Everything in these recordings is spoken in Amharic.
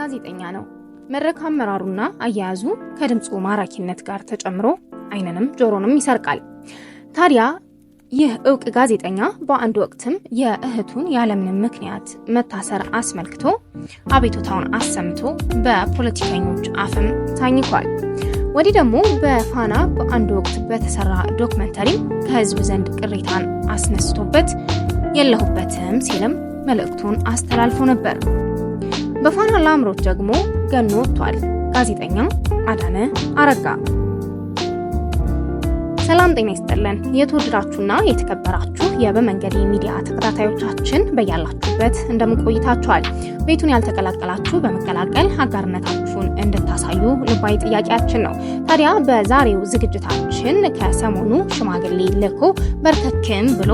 ጋዜጠኛ ነው። መድረክ አመራሩና አያያዙ ከድምፁ ማራኪነት ጋር ተጨምሮ አይንንም ጆሮንም ይሰርቃል። ታዲያ ይህ እውቅ ጋዜጠኛ በአንድ ወቅትም የእህቱን ያለምንም ምክንያት መታሰር አስመልክቶ አቤቱታውን አሰምቶ በፖለቲከኞች አፍም ታኝኳል። ወዲህ ደግሞ በፋና በአንድ ወቅት በተሰራ ዶክመንተሪም ከህዝብ ዘንድ ቅሬታን አስነስቶበት የለሁበትም ሲልም መልእክቱን አስተላልፎ ነበር። በፋና ላምሮት ደግሞ ገኖ ወጥቷል። ጋዜጠኛ አዳነ አረጋ። ሰላም ጤና ይስጥልን። የተወደዳችሁና የተከበራችሁ የበመንገድ ሚዲያ ተከታታዮቻችን በያላችሁበት እንደምንቆይታችኋል። ቤቱን ያልተቀላቀላችሁ በመቀላቀል አጋርነታችሁን እንድታሳዩ ልባዊ ጥያቄያችን ነው። ታዲያ በዛሬው ዝግጅታችን ከሰሞኑ ሽማግሌ ልኮ በርከክም ብሎ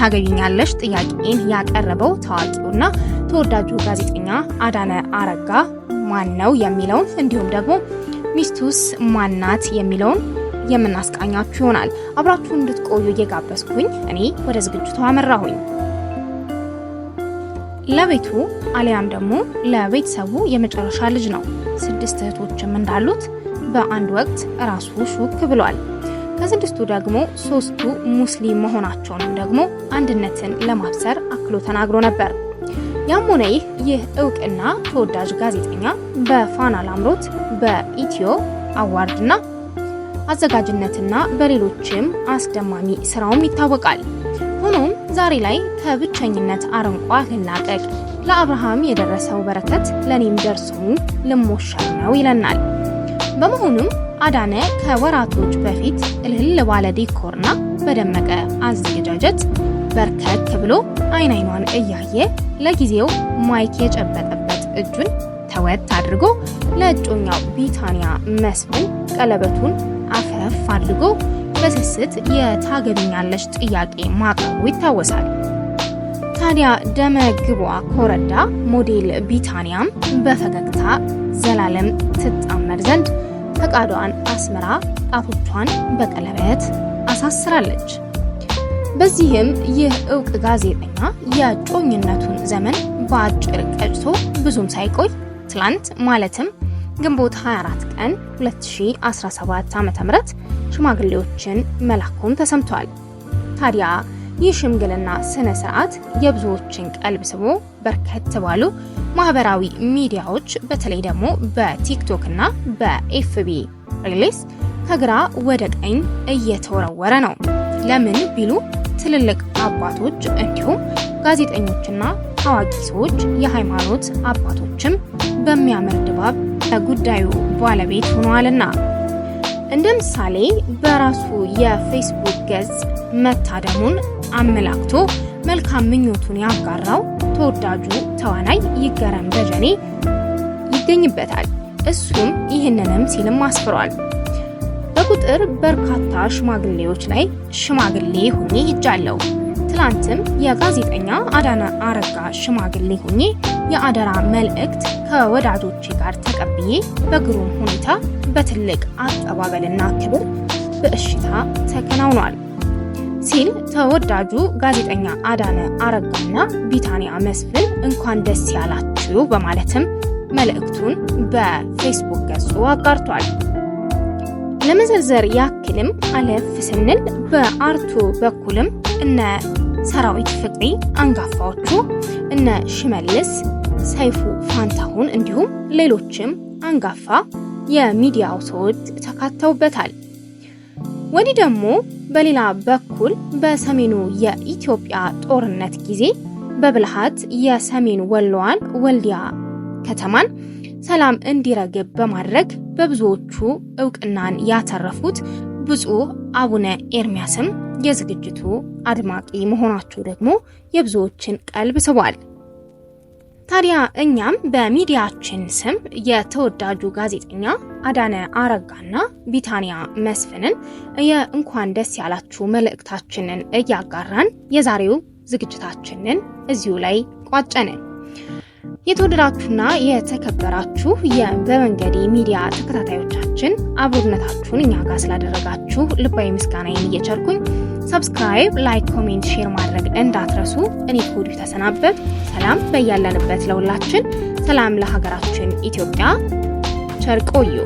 ታገኙኛለሽ ጥያቄን ያቀረበው ታዋቂውና ተወዳጁ ጋዜጠኛ አዳነ አረጋ ማን ነው የሚለውን እንዲሁም ደግሞ ሚስቱስ ማናት የሚለውን የምናስቃኛችሁ ይሆናል። አብራችሁን እንድትቆዩ እየጋበዝኩኝ እኔ ወደ ዝግጅቱ አመራሁኝ። ለቤቱ አሊያም ደግሞ ለቤተሰቡ የመጨረሻ ልጅ ነው። ስድስት እህቶችም እንዳሉት በአንድ ወቅት ራሱ ሹክ ብሏል። ከስድስቱ ደግሞ ሶስቱ ሙስሊም መሆናቸውንም ደግሞ አንድነትን ለማብሰር አክሎ ተናግሮ ነበር። ያም ሆነ ይህ ይህ እውቅና ተወዳጅ ጋዜጠኛ በፋና ላምሮት በኢትዮ አዋርድና አዘጋጅነትና በሌሎችም አስደማሚ ስራውም ይታወቃል። ሆኖም ዛሬ ላይ ከብቸኝነት አረንቋ ልላቀቅ፣ ለአብርሃም የደረሰው በረከት ለእኔም ደርሶ ልሞሻል ነው ይለናል። በመሆኑም አዳነ ከወራቶች በፊት እልል ባለ ዲኮርና በደመቀ አዘገጃጀት በርከክ ብሎ አይን አይኗን እያየ ለጊዜው ማይክ የጨበጠበት እጁን ተወት አድርጎ ለእጮኛው ቢታንያ መስፍን ቀለበቱን አፈፍ አድርጎ በስስት የታገቢኛለሽ ጥያቄ ማቅረቡ ይታወሳል። ታዲያ ደመ ግቧ ኮረዳ ሞዴል ቢታንያም በፈገግታ ዘላለም ትጣመር ዘንድ ፈቃዷን አስምራ ጣቶቿን በቀለበት አሳስራለች። በዚህም ይህ እውቅ ጋዜጠኛ የጮኝነቱን ዘመን በአጭር ቀጭቶ ብዙም ሳይቆይ ትላንት ማለትም ግንቦት 24 ቀን 2017 ዓ.ም ሽማግሌዎችን መላኩም ተሰምቷል። ታዲያ ይህ ሽምግልና ስነ ስርዓት የብዙዎችን ቀልብ ስቦ በርከት ባሉ ማህበራዊ ሚዲያዎች በተለይ ደግሞ በቲክቶክ እና በኤፍቢ ሪሊስ ከግራ ወደ ቀኝ እየተወረወረ ነው። ለምን ቢሉ ትልልቅ አባቶች እንዲሁም ጋዜጠኞችና ታዋቂ ሰዎች የሃይማኖት አባቶችም በሚያምር ድባብ ከጉዳዩ ባለቤት ሆነዋልና። እንደ ምሳሌ በራሱ የፌስቡክ ገጽ መታደሙን አመላክቶ መልካም ምኞቱን ያጋራው ተወዳጁ ተዋናይ ይገረም ደጀኔ ይገኝበታል። እሱም ይህንንም ሲልም አስፍሯል። በቁጥር በርካታ ሽማግሌዎች ላይ ሽማግሌ ሆኜ ሄጃለሁ። ትላንትም የጋዜጠኛ አዳነ አረጋ ሽማግሌ ሆኜ የአደራ መልእክት ከወዳጆቼ ጋር ተቀብዬ በግሩም ሁኔታ በትልቅ አቀባበልና ክብር በእሽታ ተከናውኗል። ሲል ተወዳጁ ጋዜጠኛ አዳነ አረጋና ቢታኒያ መስፍን እንኳን ደስ ያላችሁ በማለትም መልእክቱን በፌስቡክ ገጹ አጋርቷል። ለመዘርዘር ያክልም አለፍ ስንል በአርቱ በኩልም እነ ሰራዊት ፍቅሪ አንጋፋዎቹ እነ ሽመልስ ሰይፉ ፋንታሁን እንዲሁም ሌሎችም አንጋፋ የሚዲያው ሰዎች ተካተውበታል። ወዲህ ደግሞ በሌላ በኩል በሰሜኑ የኢትዮጵያ ጦርነት ጊዜ በብልሃት የሰሜን ወሎዋን ወልዲያ ከተማን ሰላም እንዲረግብ በማድረግ በብዙዎቹ እውቅናን ያተረፉት ብፁዕ አቡነ ኤርሚያስም የዝግጅቱ አድማቂ መሆናቸው ደግሞ የብዙዎችን ቀልብ ስቧል። ታዲያ እኛም በሚዲያችን ስም የተወዳጁ ጋዜጠኛ አዳነ አረጋና ቢታንያ መስፍንን የእንኳን ደስ ያላችሁ መልእክታችንን እያጋራን የዛሬው ዝግጅታችንን እዚሁ ላይ ቋጨንን። የተወደዳችሁና የተከበራችሁ በመንገዴ ሚዲያ ተከታታዮቻችን አብሮነታችሁን እኛ ጋር ስላደረጋችሁ ልባዊ ምስጋናዬን እየቸርኩኝ ሰብስክራይብ፣ ላይክ፣ ኮሜንት፣ ሼር ማድረግ እንዳትረሱ። እኔ ከወዲሁ ተሰናበት። ሰላም በያለንበት ለሁላችን፣ ሰላም ለሀገራችን ኢትዮጵያ። ቸር ቆዩ።